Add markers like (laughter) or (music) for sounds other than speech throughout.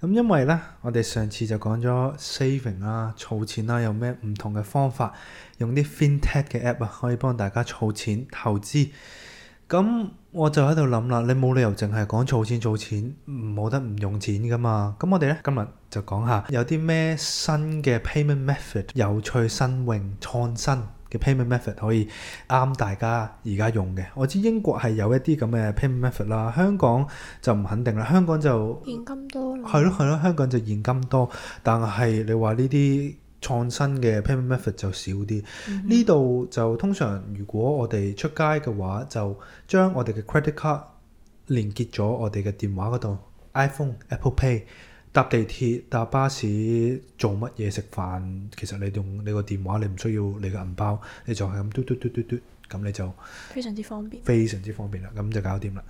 咁因為呢，我哋上次就講咗 saving 啦、啊、儲錢啦、啊，有咩唔同嘅方法，用啲 fintech 嘅 app 啊，可以幫大家儲錢投資。咁、嗯、我就喺度諗啦，你冇理由淨係講儲錢儲錢，冇得唔用錢噶嘛。咁、嗯、我哋呢，今日就講下有啲咩新嘅 payment method 有趣、新穎、創新嘅 payment method 可以啱大家而家用嘅，我知英國係有一啲咁嘅 payment method 啦，香港就唔肯定啦，香港就現金多啦，係咯係咯，香港就現金多，但係你話呢啲創新嘅 payment method 就少啲。呢度，嗯哼，就通常如果我哋出街嘅話，就將我哋嘅 credit card 連結咗我哋嘅電話嗰度 iPhone Apple Pay。搭地鐵、搭巴士、做乜嘢食飯，其實你用你個電話，你唔需要你個銀包，你就係咁嘟嘟嘟嘟嘟，咁你就非常之方便，非常之方便啦，咁就搞掂啦。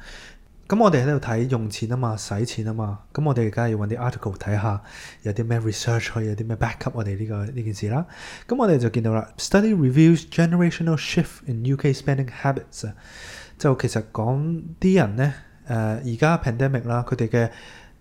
咁我哋喺度睇用錢啊嘛，使錢啊嘛，咁我哋而家要搵啲 article 睇下有啲咩 research 去有啲咩 back up 我哋呢個呢件事啦。咁我哋就見到啦，study reviews generational shift in UK spending habits，就其實講啲人呢，誒而家 pandemic 啦，佢哋嘅。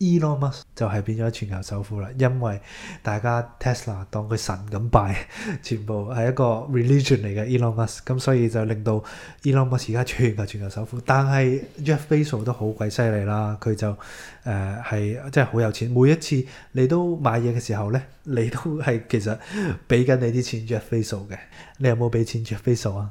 Elon Musk 就係變咗全球首富啦，因為大家 Tesla 當佢神咁拜，全部係一個 religion 嚟嘅 Elon Musk，咁所以就令到 Elon Musk 而家全球全球首富。但係 Jeff Bezos 都好鬼犀利啦，佢就誒係、呃、真係好有錢。每一次你都買嘢嘅時候呢，你都係其實俾緊你啲錢 Jeff Bezos 嘅。你有冇俾錢 Jeff Bezos 啊？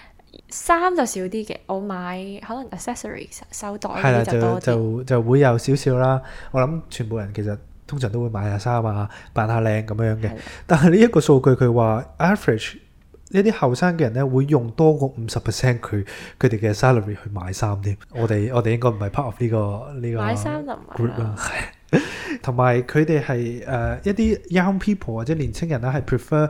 衫就少啲嘅，我買可能 accessory 手袋嗰啲就多啲。係啦，就就就會有少少啦。我諗全部人其實通常都會買下衫啊，扮下靚咁樣嘅。的但係呢一個數據佢話 average 一啲後生嘅人咧會用多過五十 percent 佢佢哋嘅 salary 去買衫添。我哋我哋應該唔係 part of 呢個呢個 group 啦。同埋佢哋係誒一啲 young people 或者年青人咧係 prefer。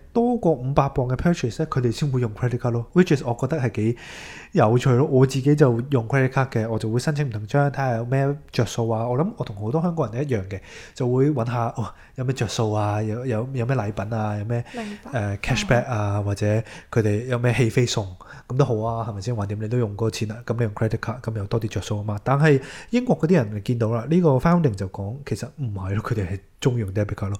多過五百磅嘅 purchase 咧，佢哋先會用 credit card 咯。Which is 我覺得係幾有趣咯。我自己就用 credit card 嘅，我就會申請唔同張，睇下有咩着數啊。我諗我同好多香港人一樣嘅，就會揾下哦，有咩着數啊？有有有咩禮品啊？有咩誒 cashback 啊？白或者佢哋有咩戲飛送咁都好啊？係咪先？橫掂你都用過錢啊？咁你用 credit card，咁又多啲着數啊嘛。但係英國嗰啲人見到啦，呢個 founding 就講其實唔係咯，佢哋係中意用 debit card 咯。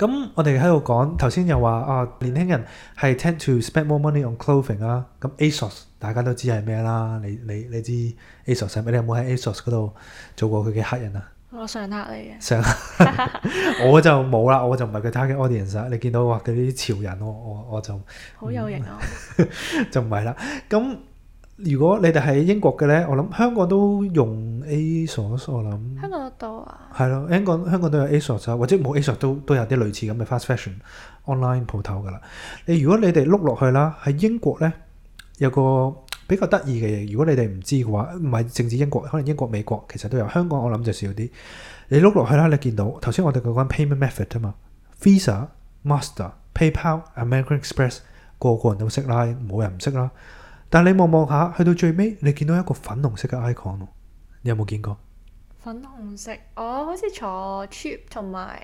咁我哋喺度講，頭先又話啊，年輕人係 tend to spend more money on clothing 啦。咁 ASOS 大家都知係咩啦，你你你知 ASOS 係咪？你有冇喺 ASOS 嗰度做過佢嘅客人啊？我常客嚟嘅，常我就冇啦，我就唔係佢 target audience 啊。你見到話嗰啲潮人，我我我就好有型啊，就唔係啦。咁。如果你哋喺英國嘅咧，我諗香港都用 ASOS，我諗。香港都多啊。係咯，香港香港都有 ASOS 啫，或者冇 ASOS 都都有啲類似咁嘅 fast fashion online 鋪頭噶啦。你如果你哋碌落去啦，喺英國咧有個比較得意嘅嘢，如果你哋唔知嘅話，唔係淨止英國，可能英國美國其實都有。香港我諗就少啲。你碌落去啦，你見到頭先我哋講緊 payment method 啊嘛，Visa、Master、PayPal、American Express，個個人都識啦，冇人唔識啦。但你望望下去到最尾，你見到一個粉紅色嘅 icon 你有冇見過？粉紅色，我好似坐 trip 同埋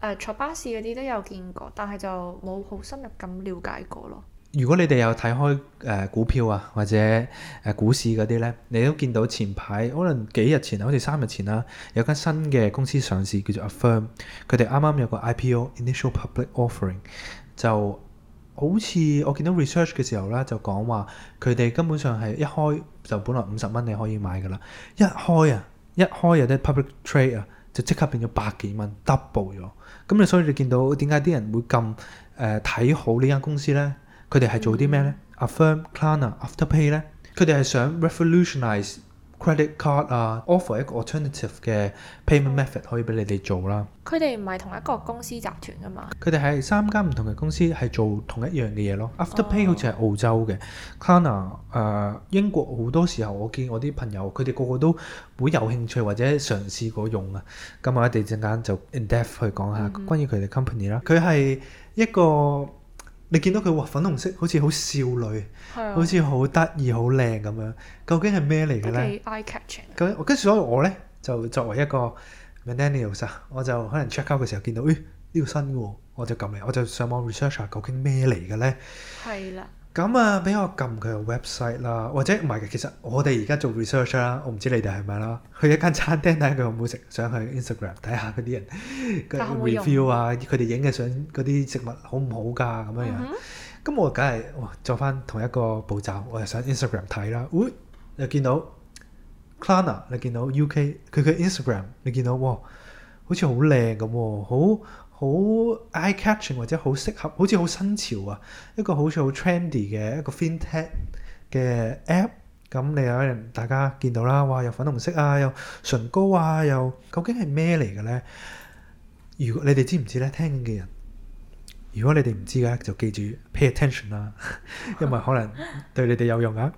誒坐巴士嗰啲都有見過，但係就冇好深入咁了解過咯。如果你哋有睇開誒、呃、股票啊，或者誒、呃、股市嗰啲呢，你都見到前排可能幾日前好似三日前啦，有間新嘅公司上市叫做 Affirm，佢哋啱啱有個 IPO（Initial Public Offering） 就。好似我見到 research 嘅時候咧，就講話佢哋根本上係一開就本來五十蚊你可以買嘅啦，一開啊，一開有、啊、啲 public trade 啊，就即刻變咗百幾蚊，double 咗。咁你所以你見到點解啲人會咁誒睇好呢間公司咧？佢哋係做啲咩咧？Affirm、c l、mm hmm. a r n a Afterpay 咧，佢哋係想 r e v o l u t i o n i z e credit card 啊、uh,，offer 一個 alternative 嘅 payment method、oh. 可以俾你哋做啦。佢哋唔係同一個公司集團㗎嘛？佢哋係三間唔同嘅公司，係做同一樣嘅嘢咯。Afterpay 好似係、oh. 澳洲嘅，Klarna、uh, 英國好多時候我見我啲朋友，佢哋個個都會有興趣或者嘗試過用啊。咁我哋陣間就 in depth 去講下關於佢哋 company 啦、mm。佢、hmm. 係一個。你見到佢哇粉紅色，好似好少女，的好似好得意、好靚咁樣，究竟係咩嚟嘅呢？幾 eye catching。跟住所以我呢，就作為一個 m e n u a lmillennial 啊，我就可能 check out 嘅時候見到，誒呢個新嘅，我就撳嚟，我就上網 research 下究竟咩嚟嘅呢？係啦。咁啊，俾我撳佢個 website 啦，或者唔係嘅，其實我哋而家做 research 啦，我唔知你哋係咪啦。去一間餐廳睇下佢有冇食，想去 Instagram 睇下嗰啲人嘅 review 啊，佢哋影嘅相嗰啲食物好唔好噶咁樣樣。咁我梗係哇，做翻同一個步驟，我就上 Instagram 睇啦。喂又見到 Clara，你見到 UK 佢嘅 Instagram，你見到喎，好似好靚嘅喎，好～好 eye-catching 或者好適合，好似好新潮啊！一個好似好 trendy 嘅一個 fintech 嘅 app，咁你可能大家見到啦，哇！有粉紅色啊，有唇膏啊，又究竟係咩嚟嘅呢？如果你哋知唔知呢，聽嘅人，如果你哋唔知嘅就記住 pay attention 啦，因為可能對你哋有用啊。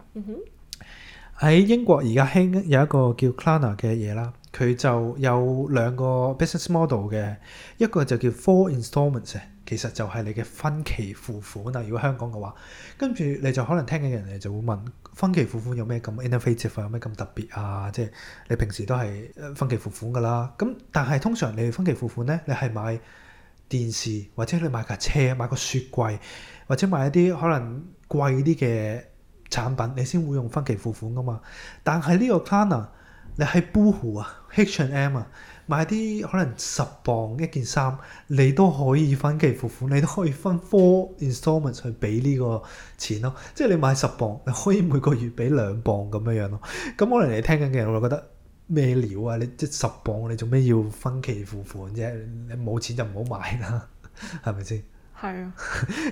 喺 (laughs) 英國而家興有一個叫 Klarna 嘅嘢啦。佢就有兩個 business model 嘅，一個就叫 four instalments，其實就係你嘅分期付款啦。如果香港嘅話，跟住你就可能聽緊人哋就會問分期付款有咩咁 innovative 啊，有咩咁特別啊？即係你平時都係分期付款噶啦。咁但係通常你分期付款呢，你係買電視或者你買架車、買個雪櫃或者買一啲可能貴啲嘅產品，你先會用分期付款噶嘛。但係呢個 plan 啊、er,～你喺 Boohoo、uh、啊，H&M 啊，買啲可能十磅一件衫，你都可以分期付款，你都可以分 four instalments 去畀呢個錢咯、啊。即係你買十磅，你可以每個月畀兩磅咁樣樣、啊、咯。咁可能你聽緊嘅人就覺得咩料啊？你即十磅，你做咩要分期付款啫、啊？你冇錢就唔好買啦，係咪先？係啊，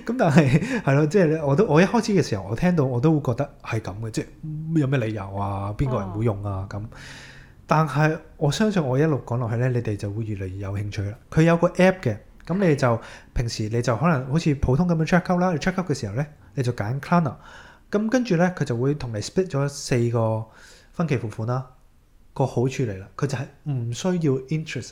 咁 (laughs) 但係係咯，即、嗯、係我都我一開始嘅時候，我聽到我都會覺得係咁嘅，即係有咩理由啊？邊個人會用啊？咁、哦，但係我相信我一路講落去咧，你哋就會越嚟越有興趣啦。佢有個 app 嘅，咁你就是的 平時你就可能好似普通咁樣 check out 啦。你 check out 嘅時候咧，你就揀 c l a n e r Klarna 咁、嗯、跟住咧佢就會同你 split 咗四個分期付款啦。個好處嚟啦，佢就係唔需要 interest。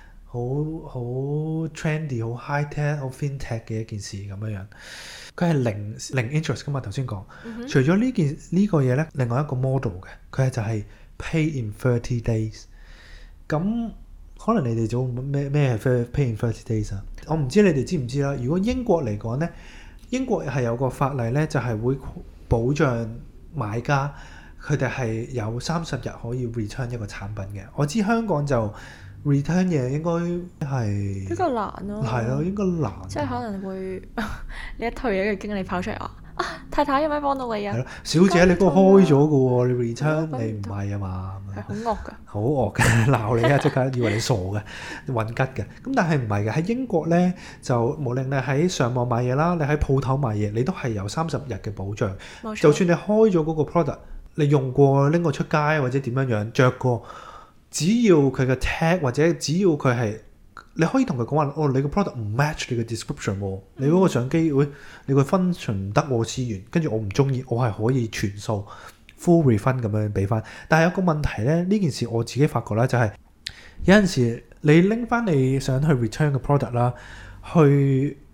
好好 trendy，好 high tech，好 fintech 嘅一件事咁樣樣。佢係零零 interest 噶嘛，頭先講。除咗呢件呢個嘢咧，另外一個 model 嘅，佢係就係 pay in thirty days。咁可能你哋做咩咩係 pay in thirty days 啊？我唔知你哋知唔知啦。如果英國嚟講咧，英國係有個法例咧，就係會保障買家，佢哋係有三十日可以 return 一個產品嘅。我知香港就。r e t u r n 嘢應該係比較難咯、啊，係咯、啊，應該難、啊。即係可能會 (laughs) 你一退嘢嘅經理跑出嚟話啊，太太有咩幫到你啊？係咯、啊，小姐你都個開咗㗎喎，你 r e t u r n 你唔係啊嘛，係好惡㗎，好惡㗎，鬧你啊即刻，以為你傻嘅，混吉嘅。咁但係唔係嘅，喺英國咧就無論你喺上網買嘢啦，你喺鋪頭買嘢，你都係有三十日嘅保障。錯就算你開咗嗰個 product，你用過拎過出街或者點樣樣着過。只要佢嘅 tag 或者只要佢係，你可以同佢講話，哦，你個 product 唔 match 你嘅 description，你嗰個相機會，你個 function 唔得我嘅資源，跟住我唔中意，我係可以全數 full refund 咁樣俾翻。但係有個問題咧，呢件事我自己發覺啦，就係、是，有陣時你拎翻你想去 return 嘅 product 啦，去。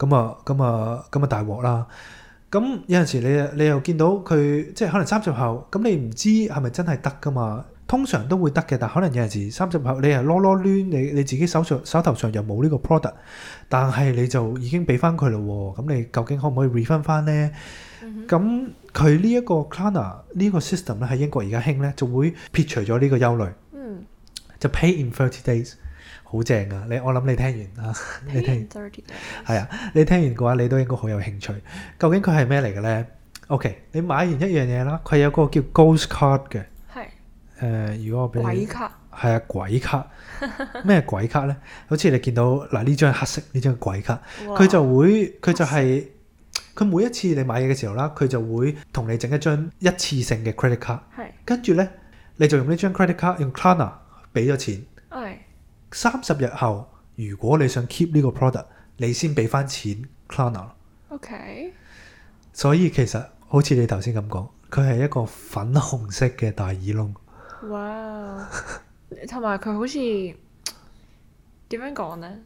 咁啊，咁啊，咁啊，大鑊啦！咁有陣時你你又見到佢，即係可能三十後，咁你唔知係咪真係得噶嘛？通常都會得嘅，但係可能有陣時三十後你又囉囉攣，你你自己手上手頭上又冇呢個 product，但係你就已經俾翻佢咯喎！咁你究竟可唔可以 refund 翻咧？咁佢呢一個 Klarna，呢個 system 咧喺英國而家興咧，就會撇除咗呢個憂慮。嗯，就 pay in thirty days。好正啊！你我諗你聽完啊，10 30 (laughs) 你聽 t 完 h (laughs) 啊，你聽完嘅話，你都應該好有興趣。究竟佢係咩嚟嘅呢 o、okay, k 你買完一樣嘢啦，佢有個叫 Ghost Card 嘅，係誒是、呃。如果我俾你，卡係啊，鬼卡咩鬼卡呢？ (laughs) 好似你見到嗱呢張黑色呢張鬼卡，佢哇就會佢就係、是、佢色每一次你買嘢嘅時候啦，佢就會同你整一張一次性嘅 credit card，係跟住呢，你就用呢張 credit card 用 Klarna 俾咗錢，係。 (laughs) (laughs) 三十日後，如果你想 keep 呢個 product，你先俾翻錢 Klarna OK。所以其實好似你頭先咁講，佢係一個粉紅色嘅大耳窿。哇 Wow. (laughs) 同埋佢好似點樣講呢？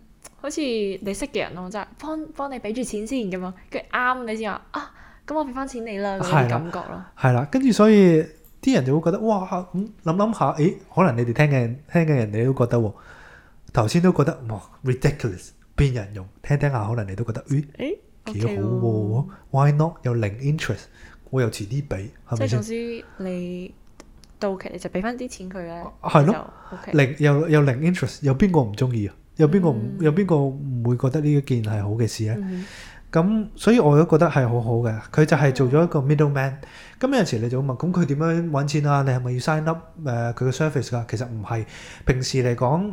好似你識嘅人咯，即係幫幫你俾住錢先咁啊，佢、嗯、啱你先話啊，咁我俾翻錢你啦嗰啲感覺咯。係啦，跟住所以啲人就會覺得哇，咁諗諗下，誒，可能你哋聽嘅聽嘅人哋都覺得喎。頭先都覺得，哇，ridiculous，邊人用？聽聽下，可能你都覺得，誒，幾好喎？Why not？有零 interest，我又遲啲俾，係咪先？即係總之你到期你就俾翻啲錢佢咧，係咯，零又有零 interest，有邊個唔中意啊？有邊個有邊個唔會覺得呢一件係好嘅事咧？咁所以我都覺得係好好嘅。佢就係做咗一個 middleman。咁有陣時你就問：咁佢點樣揾錢啊？你係咪要 sign up 誒佢嘅 service 㗎？其實唔係，平時嚟講。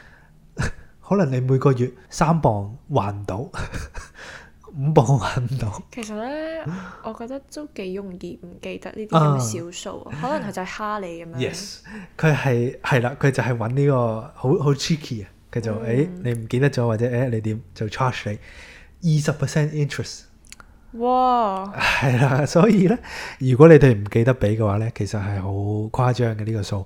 可能你每個月三磅還唔到，五 (laughs) 磅還唔到。其實咧，我覺得都幾容易唔記得呢啲咁嘅小數，可能佢就係蝦你咁樣。Yes，佢係係啦，佢就係搵呢個好好 tricky 啊。佢就誒，你唔記得咗或者誒，你點就 charge 你二十 percent interest。哇！係啦，所以咧，如果你哋唔記得俾嘅話咧，其實係好誇張嘅呢個數。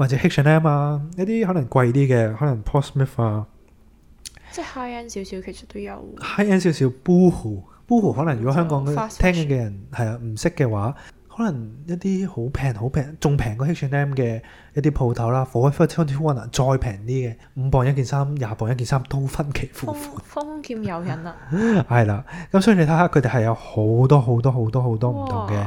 或者 H&M 啊，一啲可能貴啲嘅，可能 Paul Smith 啊，即係 high-end 少少，其實都有。high-end 少少，Boohoo，Boohoo 可能如果香港很 fast 聽嘅人係啊唔識嘅話，可能一啲好平好平，仲平過 H&M 嘅一啲鋪頭啦 Yeah.，Forever21 啊，再平啲嘅五磅一件衫，廿磅一件衫都分期付款。封建誘人啊！係啦， (laughs) 咁所以你睇下佢哋係有好多好多好多好多唔同嘅。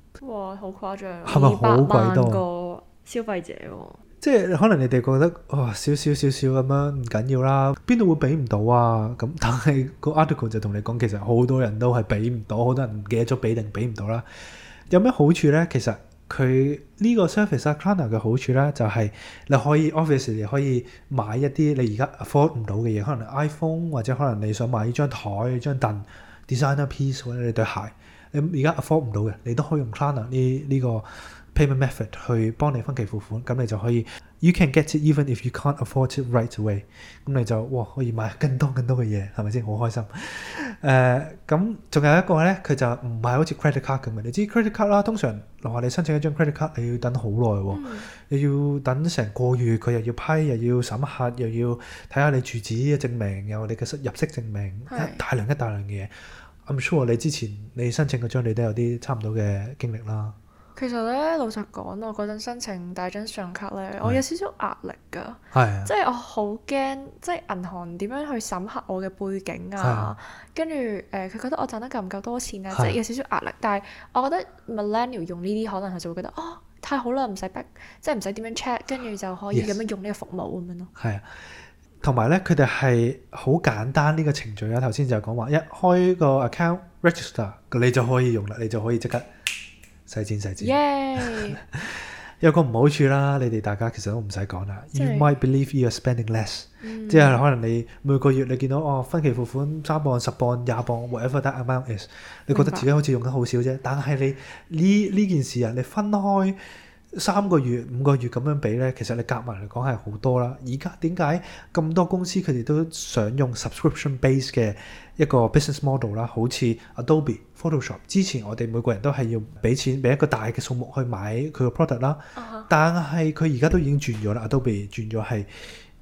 哇，好誇張！係咪好鬼多個消費者喎、啊，即係可能你哋覺得哇少少少少咁樣唔緊要啦，邊度會俾唔到啊？咁但係個 article 就同你講，其實好多人都係俾唔到，好多人唔記得咗俾定俾唔到啦。有咩好處呢？其實佢呢個 service 啊，Klarna 嘅好處呢，就係、是、你可以 officially 可以買一啲你而家 afford 唔到嘅嘢，可能 iPhone 或者可能你想買張枱、張凳、designer piece 或者你對鞋。而家 afford 唔到嘅，你都可以用 Klarna 呢呢個 payment method 去幫你分期付款，咁你就可以。You can get it even if you can't afford it right away。咁你就哇可以買更多更多嘅嘢，係咪先？好開心。誒，咁仲有一個咧，佢就唔係好似 credit card 咁嘅。你知 credit card 啦，通常留下你申請一張 credit card，你要等好耐喎，你要等成個月，佢又要批，又要審核，又要睇下你住址嘅證明，又你嘅入息證明，大量一大量嘅嘢。唔錯喎！你之前你申請嗰張，你都有啲差唔多嘅經歷啦。其實咧，老實講，我嗰陣申請大張信用卡咧，的我有少少壓力㗎的，即係我好驚，即係銀行點樣去審核我嘅背景啊。跟住誒，佢、呃、覺得我賺得夠唔夠多錢啊？即係的有少少壓力。但係我覺得 millennial 用呢啲，可能佢就會覺得哦，太好啦，唔使逼，即係唔使點樣 check，跟住就可以咁樣用呢個服務咁樣咯。係啊。同埋咧，佢哋係好簡單呢個程序啊！頭先就講話一開一個 account register，你就可以用啦，你就可以即刻使錢使錢。Yeah. (laughs) 有個唔好處啦，你哋大家其實都唔使講啦。就是、you might believe you're a spending less，、嗯、即係可能你每個月你見到哦分期付款三磅、十磅、廿磅，whatever t h a t amount is，你覺得自己好似用得好少啫。白但係你呢呢件事啊，你分開。三個月五個月咁樣比咧，其實你夾埋嚟講係好多啦。而家點解咁多公司佢哋都想用 subscription base 嘅一個 business model 啦？好似 Adobe Photoshop，之前我哋每個人都係要俾錢俾一個大嘅數目去買佢個 product 啦。Uh huh. 但係佢而家都已經轉咗啦，Adobe 轉咗係。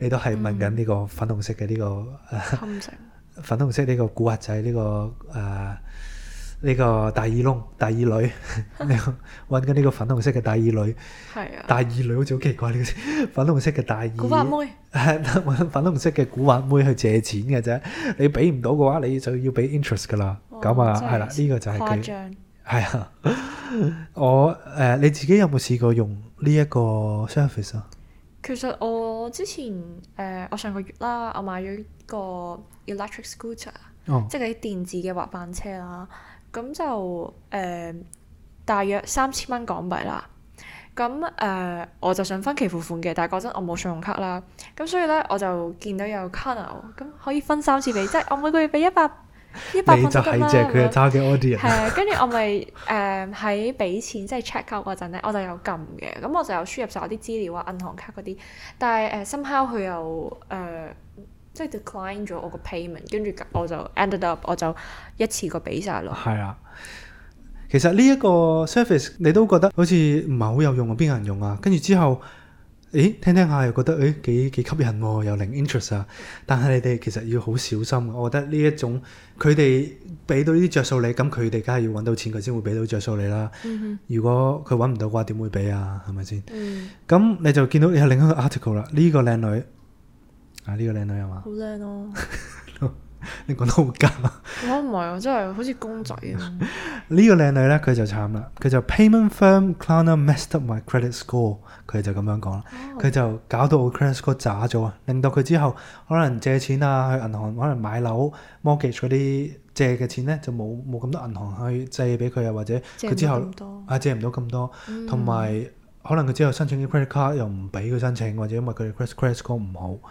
你都係問緊呢個粉紅色嘅呢、呢個，嗯、 (laughs) 粉紅色呢個古惑仔呢、呢個誒呢、呃這個大耳窿大耳女，揾緊呢個粉紅色嘅大耳女，啊、大耳女好似好奇怪呢個 (laughs) 粉紅色嘅大耳古惑妹，揾 (laughs) 粉紅色嘅古惑妹去借錢嘅啫，你俾唔到嘅話，你就要俾 interest 噶啦。咁啊、哦，係啦，呢個就係佢。係啊，我誒、呃、你自己有冇試過用呢一個 service 啊？其實我。我之前誒、呃、我上個月啦，我買咗個 electric scooter，哦、即係嗰啲電子嘅滑板車啦，咁就誒、呃、大約三千蚊港幣啦，咁誒、呃、我就想分期付款嘅，但係嗰陣我冇信用卡啦，咁所以咧我就見到有 Klarna 咁可以分三次俾， (laughs) 即係我每個月俾一百。百你就係借佢嘅 target audience，係啊。 (laughs) 跟住我咪誒喺俾錢，即、就、係、是、check out 嗰陣咧，我就有撳嘅。咁我就有輸入晒我啲資料啊，銀行卡嗰啲。但係誒、uh,，somehow 佢又誒即、uh, 係 decline 咗我個 payment。跟住我就 ended up，我就一次過俾晒咯。係啊，其實呢一個 service 你都覺得好似唔係好有用啊，邊個人用啊？跟住之後。誒，聽聽下又覺得誒幾幾吸引喎、啊，又零 interest 啊！但係你哋其實要好小心、啊，我覺得呢一種佢哋俾到呢啲着數你，咁佢哋梗係要揾到錢佢先會俾到着數你啦。嗯、哼如果佢揾唔到嘅話，點會俾啊？係咪先？咁、嗯、你就見到你有另一個 article 啦。呢個靚女啊，呢個靚女係嘛？好靚咯！ (laughs) (laughs) 你講得好假啊！我唔係啊，真係好似公仔啊！ (laughs) 個呢個靚女咧，佢就慘啦，佢就 Payment firm client messed up my credit score，佢就咁樣講啦，佢就、哦、搞到 credit score 渣咗啊，令到佢之後可能借錢啊，去銀行可能買樓 mortgage 嗰啲借嘅錢咧就冇冇咁多銀行去借俾佢啊，或者佢之後啊借唔到咁多，同埋、啊嗯、可能佢之後申請啲 credit card 又唔俾佢申請，或者因為佢 credit credit score 唔好。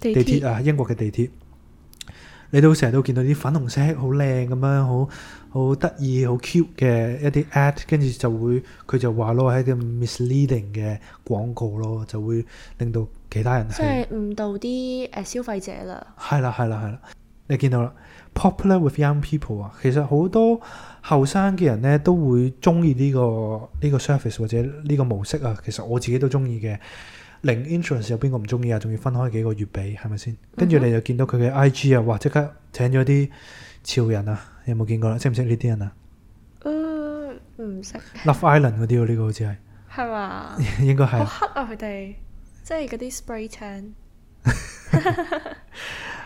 地鐵啊，英國嘅地鐵，你都成日都見到啲粉紅色好靚咁樣，好好得意、好 cute 嘅一啲 ad，跟住就會佢就話咯，係一個 misleading 嘅廣告咯，就會令到其他人即係誤導啲誒消費者啦。係啦，係啦，係啦，你見到啦，popular with young people 啊，其實好多後生嘅人咧都會中意呢個呢個 service 或者呢個模式啊。其實我自己都中意嘅。零 interest 有邊個唔中意啊？仲要分開幾個月俾係咪先？跟住你就見到佢嘅 IG 啊，哇！即刻請咗啲潮人啊，有冇見過啦？識唔識呢啲人啊？唔識、嗯。Love Island 啲呢、啊呢個好似係。係嘛？應該係。好黑啊！佢哋即係啲 Spray Tan。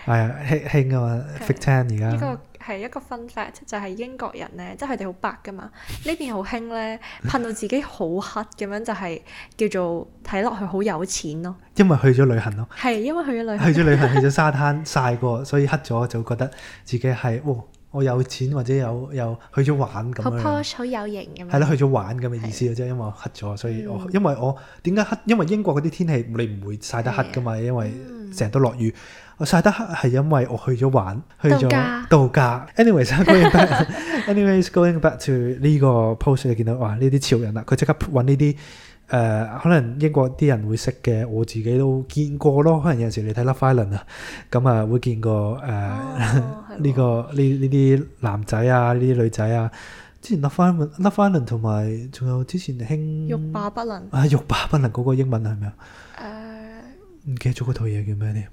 係啊，興興啊嘛，Fit Tan 而家。係一個 fun fact，就係英國人咧，即係佢哋好白㗎嘛。邊呢邊好興咧，噴到自己好黑咁樣，就係、是、叫做睇落去好有錢咯。因為去咗旅行咯。係因為去咗旅、旅行， (laughs) 去咗旅行，去咗沙灘曬過，所以黑咗就覺得自己係喎、哦，我有錢或者有有去咗玩咁樣。好 posh，好有型㗎嘛。係咯，去咗玩咁嘅意思即啫，的因為我黑咗，所以我、嗯、因為我點解黑？因為英國嗰啲天氣你唔會晒得黑㗎嘛，因為成日都落雨。嗯我曬得黑係因為我去咗玩，去咗度假，度假。Anyways, going back，anyways (laughs) going back to 呢個 post，你見到哇，呢啲潮人啦，佢即刻揾呢啲誒，可能英國啲人會識嘅，我自己都見過咯。可能有時你睇 Love Island 啊，咁啊會見過誒呢個呢呢啲男仔啊，呢啲女仔啊。之前 Love Island、Love Island 同埋仲有之前興欲罷不能啊，欲罷不能嗰個英文係咪啊？誒，唔、uh, 記得咗嗰套嘢叫咩咧？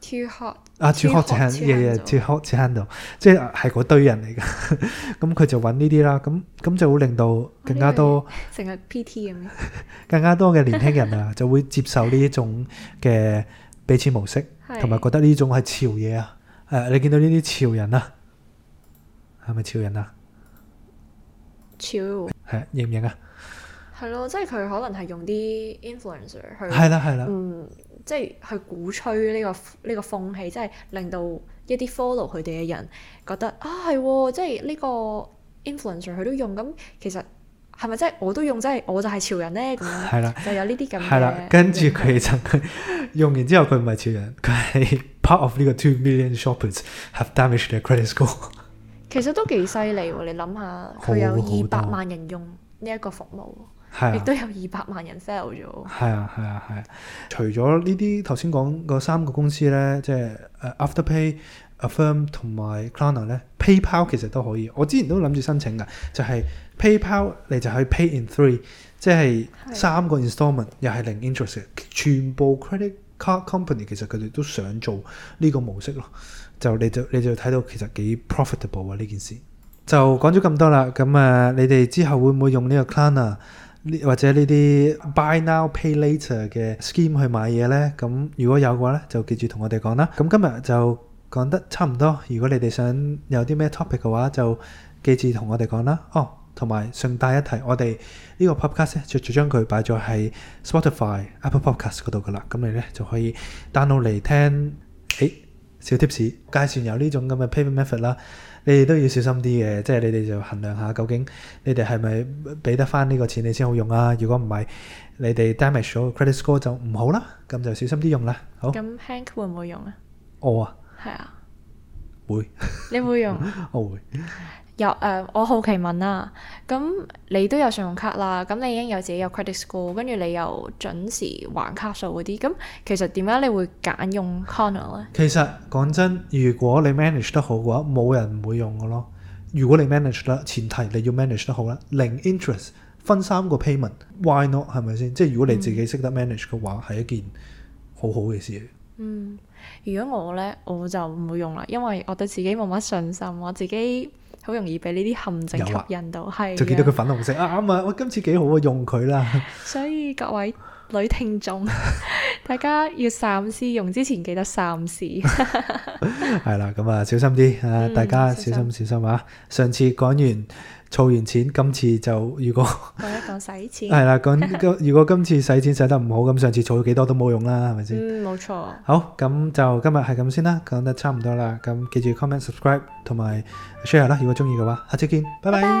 脫殼啊！脫殼就喺夜夜脫殼，就喺即係係嗰堆人嚟噶。咁佢就揾呢啲啦，咁、嗯、咁就會令到更加多成日 PT 咁。哦、樣 (laughs) 更加多嘅年輕人啊，就會接受呢種嘅俾錢模式，同埋 (laughs) 的覺得呢種係潮嘢啊。誒、嗯，你見到呢啲潮人啊，係咪潮人啊？潮係認唔認啊？係咯，即係佢可能係用啲 influencer 去，係啦係啦，嗯，即係去鼓吹呢個呢個風氣，即係令到一啲 follow 佢哋嘅人覺得啊係，即係呢個 influencer 佢都用咁，其實係咪即係我都用，即係我就係潮人咧？咁樣，係啦，就有呢啲咁嘅。係啦了，跟住佢就用完之後，佢唔係潮人，佢係 part of 呢個 two million shoppers have damaged their credit score (laughs) 其實都幾犀利喎！你諗下，佢有二百萬人用呢一個服務。啊、亦都有二百萬人 sell 咗。係啊，係啊，係啊。除咗呢啲頭先講嗰三個公司咧，即係 Afterpay Aff、Affirm 同埋 Klarna 咧，PayPal 其實都可以。我之前都諗住申請㗎，就係、是、PayPal 你就去 Pay in three，即係三個 installment，又係的零 interest。全部 credit card company 其實佢哋都想做呢個模式咯。就你就你就睇到其實幾 profitable 啊呢件事。就講咗咁多啦，咁啊，你哋之後會唔會用呢個 Klarna 呢或者呢啲 buy now pay later 嘅 scheme 去買嘢咧，咁如果有嘅話咧，就記住同我哋講啦。咁今日就講得差唔多。如果你哋想有啲咩 topic 嘅話，就記住同我哋講啦。哦，同埋順帶一提，我哋呢個 podcast 咧就將佢擺咗喺 Spotify、Apple Podcast 嗰度噶啦。咁你咧就可以 download 嚟聽。哎小貼士介紹有呢種咁嘅 payment method 啦，你哋都要小心啲嘅，即係你哋就衡量下究竟你哋係咪俾得翻呢個錢你先好用啊？如果唔係，你哋 damage 咗 credit score 就唔好啦，咁就小心啲用啦。好。咁 Hank 會唔會用啊？我啊，係啊，會。你會用？我會。有誒、嗯，我好奇問啊，咁、嗯、你都有信用卡啦，咁、嗯、你已經有自己有 credit score，跟住你又準時還卡數嗰啲，咁其實點解你會揀用 corner 咧？其實講真，如果你 manage 得好嘅話，冇人唔會用嘅咯。如果你 manage 得，前提你要 manage 得好啦，零 interest，分三個 payment，why not？係咪先？即係如果你自己識得 manage 嘅話，係、嗯、一件好好嘅事。嗯，如果我咧，我就唔會用啦，因為我對自己冇乜信心，我自己。好容易俾呢啲陷阱吸引到，係、啊、的就見到佢粉紅色啊啱 (laughs) 啊！我今次幾好啊，用佢啦。所以各位女聽眾。 (laughs) (laughs) 大家要三思用之前記得三思，係啦，咁啊小心啲啊！大家小心小心啊！上次講完儲完錢，今次就如果講一講使錢，係啦，咁今如果今次使錢使得唔好，咁上次儲咗幾多都冇用啦，係咪先？嗯，冇錯。好，咁就今日係咁先啦，講得差唔多啦，咁記住 comment、subscribe 同埋 share 啦，如果中意嘅話，下次見，拜拜。